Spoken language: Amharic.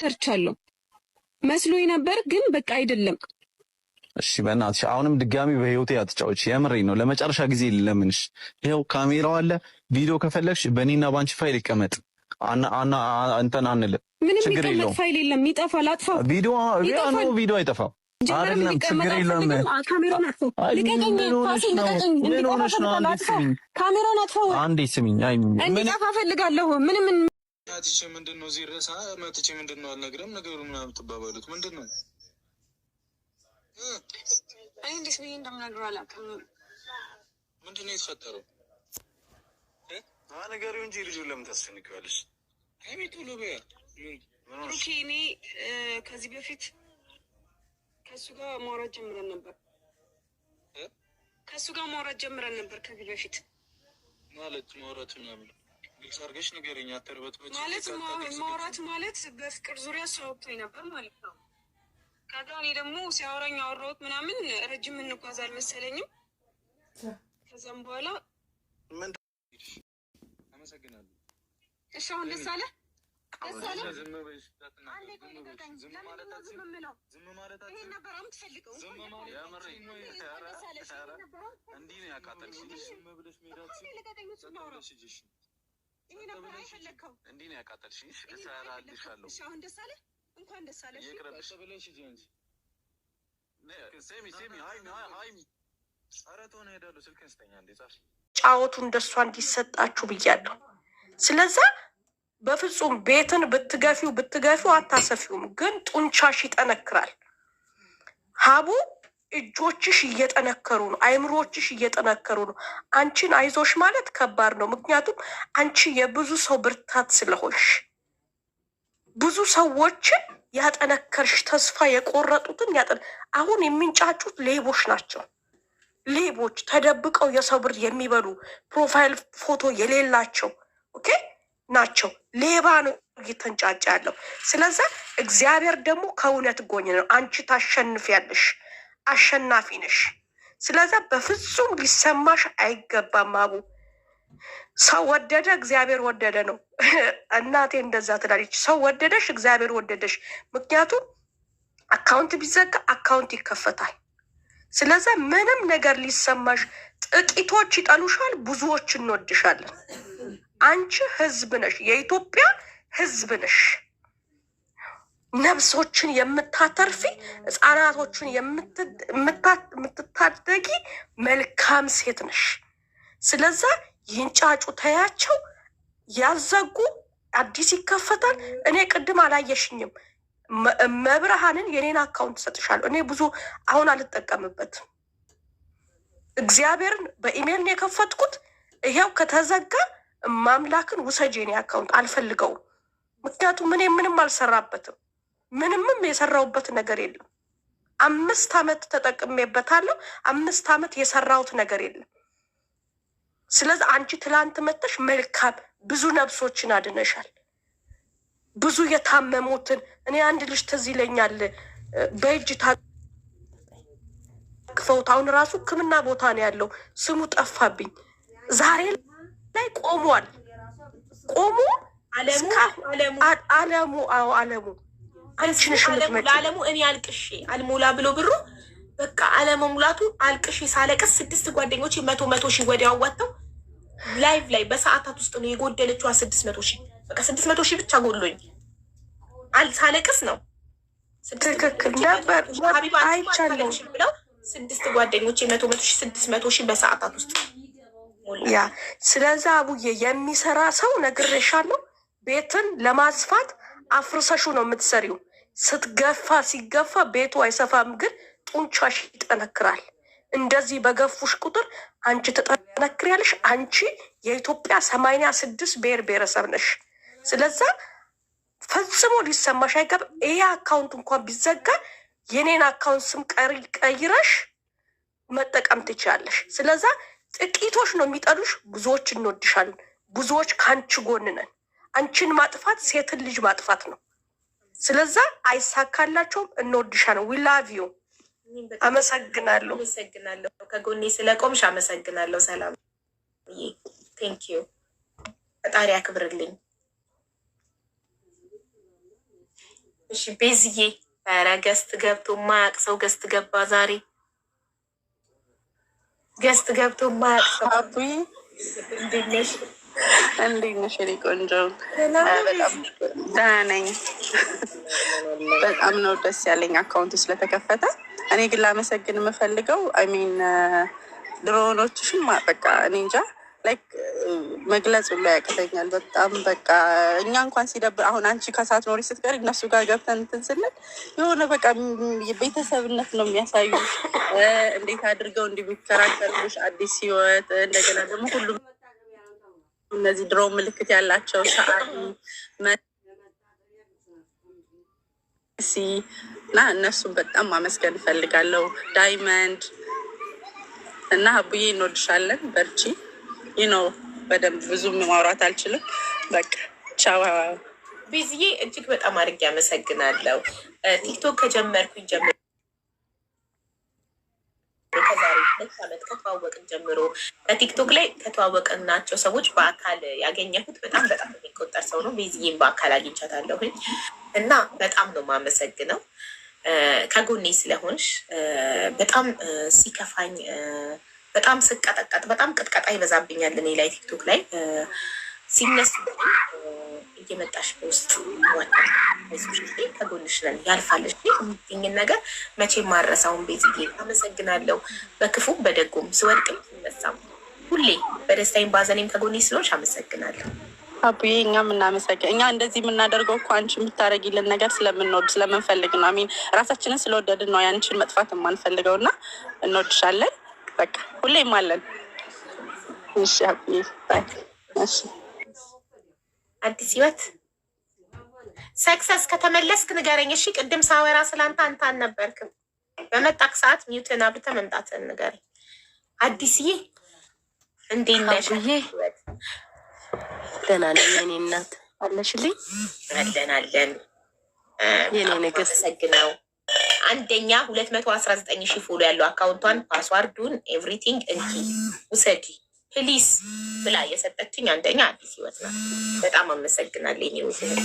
ሰርቻለሁ መስሎ ነበር፣ ግን በቃ አይደለም። እሺ በእናትሽ አሁንም ድጋሚ በህይወቴ አትጫዎች። የምሬ ነው። ለመጨረሻ ጊዜ ለምንሽ፣ ይኸው ካሜራው አለ። ቪዲዮ ከፈለግሽ በእኔና ባንቺ ፋይል ይቀመጥ። አና እንተን አንል ምንም ይቀመጥ ፋይል የለም። ይጠፋል። አጥፋው። ቪዲዮ ቪዲዮ አይጠፋም። አይደለም ችግር የለም። ካሜራውን አጥፋው። ልቀቀኝ፣ ልቀቀኝ። ካሜራውን አጥፋው። አንዴ ስሚኝ፣ አይ ፈልጋለሁ ምንም መጥቼ ምንድን ነው እዚህ ድረስ መጥቼ ምንድን ነው አልነግረም ነገሩ ምናምን ትባባሉት ምንድን ነው? እኔ እንዴት ብዬ እንደምነግረው አላውቅም። ምንድን ነው የተፈጠረው? ነገሩ እንጂ ልጁን ለምን ታስፈንጊዋለሽ? ቶሎ በያ እኔ ከዚህ በፊት ከእሱ ጋር ማውራት ጀምረን ነበር። ከእሱ ጋር ማውራት ጀምረን ነበር ከዚህ በፊት ማለት ማውራት ምናምን ግልጽ አድርገሽ ንገሪኝ። አተርበትበት ማለት ማውራት ማለት በፍቅር ዙሪያ ሲያወቅኝ ነበር ማለት ነው። ከዛ እኔ ደግሞ ሲያወራኝ አወራሁት ምናምን ረጅም እንጓዝ አልመሰለኝም። ከዛም በኋላ አመሰግናለሁ። እሺ አሁን ደስ አለ ዝም እንዲህ ነው አሁን ደስ እንኳን ደስ ይቅረብሽ እንጂ ሀይሚ ሀይሚ፣ እንዴ ጻፍ ጫወቱ እንደሷ እንዲሰጣችሁ ብያለሁ። ስለዛ በፍጹም ቤትን ብትገፊው ብትገፊው አታሰፊውም፣ ግን ጡንቻሽ ይጠነክራል ሀቡ እጆችሽ እየጠነከሩ ነው። አይምሮችሽ እየጠነከሩ ነው። አንቺን አይዞሽ ማለት ከባድ ነው። ምክንያቱም አንቺ የብዙ ሰው ብርታት ስለሆንሽ ብዙ ሰዎችን ያጠነከርሽ፣ ተስፋ የቆረጡትን ያጠ አሁን የሚንጫጩት ሌቦች ናቸው። ሌቦች ተደብቀው የሰው ብር የሚበሉ ፕሮፋይል ፎቶ የሌላቸው ኦኬ ናቸው። ሌባ ነው እየተንጫጫ ያለው። ስለዚ እግዚአብሔር ደግሞ ከእውነት ጎኝ ነው። አንቺ ታሸንፊያለሽ። አሸናፊ ነሽ። ስለዛ በፍጹም ሊሰማሽ አይገባም። አቡ ሰው ወደደ እግዚአብሔር ወደደ ነው። እናቴ እንደዛ ትላለች። ሰው ወደደሽ እግዚአብሔር ወደደሽ። ምክንያቱም አካውንት ቢዘጋ አካውንት ይከፈታል። ስለዛ ምንም ነገር ሊሰማሽ ጥቂቶች ይጠሉሻል፣ ብዙዎች እንወድሻለን። አንቺ ህዝብ ነሽ፣ የኢትዮጵያ ህዝብ ነሽ። ነብሶችን የምታተርፊ ህፃናቶችን የምትታደጊ መልካም ሴት ነሽ። ስለዛ ይንጫጩ፣ ተያቸው። ያዘጉ አዲስ ይከፈታል። እኔ ቅድም አላየሽኝም። መብርሃንን የኔን አካውንት ሰጥሻለሁ። እኔ ብዙ አሁን አልጠቀምበትም። እግዚአብሔርን በኢሜይል ነው የከፈትኩት። ይሄው ከተዘጋ ማምላክን ውሰጅ። የኔ አካውንት አልፈልገውም። ምክንያቱም እኔ ምንም አልሰራበትም። ምንምም የሰራውበት ነገር የለም። አምስት ዓመት ተጠቅሜበታለሁ። አምስት ዓመት የሰራውት ነገር የለም። ስለዚህ አንቺ ትላንት መጥተሽ መልካም ብዙ ነብሶችን አድነሻል። ብዙ የታመሙትን እኔ አንድ ልጅ ትዝ ይለኛል በእጅ ታቅፈውት አሁን ራሱ ሕክምና ቦታ ነው ያለው። ስሙ ጠፋብኝ። ዛሬ ላይ ቆሟል። ቆሞ አለሙ አዎ አለሙ ለዓለሙ እኔ አልቅሼ አልሞላ ብሎ ብሩ በቃ አለመሙላቱ አልቅሼ ሳለቀስ ስድስት ጓደኞች መቶ መቶ ሺህ ወዲያው አዋጥተው ላይቭ ላይ በሰዓታት ውስጥ ነው የጎደለችዋ። ስድስት መቶ ሺህ በቃ ስድስት መቶ ሺህ ብቻ ጎሎኝ ሳለቅስ ነው ትክክል ስድስት ጓደኞች መቶ መቶ ሺህ ስድስት መቶ ሺህ በሰዓታት ውስጥ ያ ስለዛ አቡዬ የሚሰራ ሰው ነግሬሻለሁ ቤትን ለማስፋት አፍርሰሹ ነው የምትሰሪው። ስትገፋ ሲገፋ ቤቱ አይሰፋም፣ ግን ጡንቻሽ ይጠነክራል። እንደዚህ በገፉሽ ቁጥር አንቺ ትጠነክሪያለሽ። አንቺ የኢትዮጵያ ሰማንያ ስድስት ብሔር ብሔረሰብ ነሽ። ስለዛ ፈጽሞ ሊሰማሽ አይገብ። ይሄ አካውንት እንኳን ቢዘጋ የኔን አካውንት ስም ቀይረሽ መጠቀም ትችላለሽ። ስለዛ ጥቂቶች ነው የሚጠሉሽ፣ ብዙዎች እንወድሻለን። ብዙዎች ከአንቺ ጎን ነን። አንቺን ማጥፋት ሴትን ልጅ ማጥፋት ነው። ስለዛ አይሳካላቸውም። እንወድሻለን። ዊ ላቭ ዩ። አመሰግናለሁ። ከጎኔ ስለቆምሽ አመሰግናለሁ። ሰላም ቴንክ ዩ። ፈጣሪ አክብርልኝ። እሺ ቤዝዬ፣ ኧረ ገስት ገብቶ ማያቅ ሰው ገስት ገባ ዛሬ ገስት ገብቶ ማያቅ ሰው እንዴት ነሽ? እንዴት ነሽ የእኔ ቆንጆ? ደህና ነኝ። በጣም ነው ደስ ያለኝ አካውንቱ ስለተከፈተ። እኔ ግን ላመሰግን የምፈልገው አይሚን ድሮኖችሽም በቃ እኔ እንጃ ላይክ መግለጽ ሁሉ ያቅተኛል። በጣም በቃ እኛ እንኳን ሲደብር አሁን አንቺ ከሳት ኖሪ ስትቀር እነሱ ጋር ገብተን እንትን ስንል የሆነ በቃ ቤተሰብነት ነው የሚያሳዩ እንዴት አድርገው እንደሚከራከሩሽ አዲስ ህይወት እንደገና ደግሞ ሁሉም እነዚህ ድሮ ምልክት ያላቸው ሰዓት ሲ እና እነሱን በጣም ማመስገን እፈልጋለሁ። ዳይመንድ እና አቡዬ እንወድሻለን፣ በርቺ። ይህ ነው በደንብ ብዙም ማውራት አልችልም። በቃ ቻው ቤዝዬ፣ እጅግ በጣም አድርጌ አመሰግናለሁ። ቲክቶክ ከጀመርኩኝ ጀምሮ ከሁለት ዓመት ከተዋወቅን ጀምሮ በቲክቶክ ላይ ከተዋወቅን ናቸው ሰዎች በአካል ያገኘሁት በጣም በጣም የሚቆጠር ሰው ነው። ቤዚዬን በአካል አግኝቻታለሁኝ እና በጣም ነው የማመሰግነው ከጎኔ ስለሆንሽ። በጣም ሲከፋኝ፣ በጣም ስቀጠቀጥ፣ በጣም ቅጥቀጣ ይበዛብኛል እኔ ላይ ቲክቶክ ላይ ሲነሱ እየመጣሽ በውስጥ ከጎንሽ ነን ያልፋለሽ። የሚገኝን ነገር መቼ ማረሳውን ቤትዬ አመሰግናለሁ። በክፉም በደጎም ስወድቅም ስነሳም ሁሌ በደስታዬም ባዘኔም ከጎኔ ስለሆንሽ አመሰግናለሁ። አቡዬ እኛ የምናመሰግ እኛ እንደዚህ የምናደርገው እኮ አንቺ የምታደርጊልን ነገር ስለምንወድ ስለምንፈልግ ነው። አሚን ራሳችንን ስለወደድን ነው ያንቺን መጥፋት የማንፈልገው እና እንወድሻለን። በቃ ሁሌም አለን። እሺ አቡዬ እሺ አዲስ ህይወት ሰክሰስ ከተመለስክ ንገረኝ እሺ። ቅድም ሳወራ ስላንተ አንተ አልነበርክም። በመጣክ ሰዓት ሚውትን አብተ መምጣትን ንገረኝ። አዲስዬ እንዴት ነሽ? ደህና ነኝ የኔ እናት፣ አለሽልኝ? አለን አለን የኔ ነገር ሰግነው አንደኛ ሁለት መቶ አስራ ዘጠኝ ሺህ ፎሎ ያለው አካውንቷን ፓስዋርዱን ኤቭሪቲንግ እንኪ ውሰዲ ፕሊስ ብላ የሰጠችኝ አንደኛ አዲስ ህይወት ናት። በጣም አመሰግናለሁ።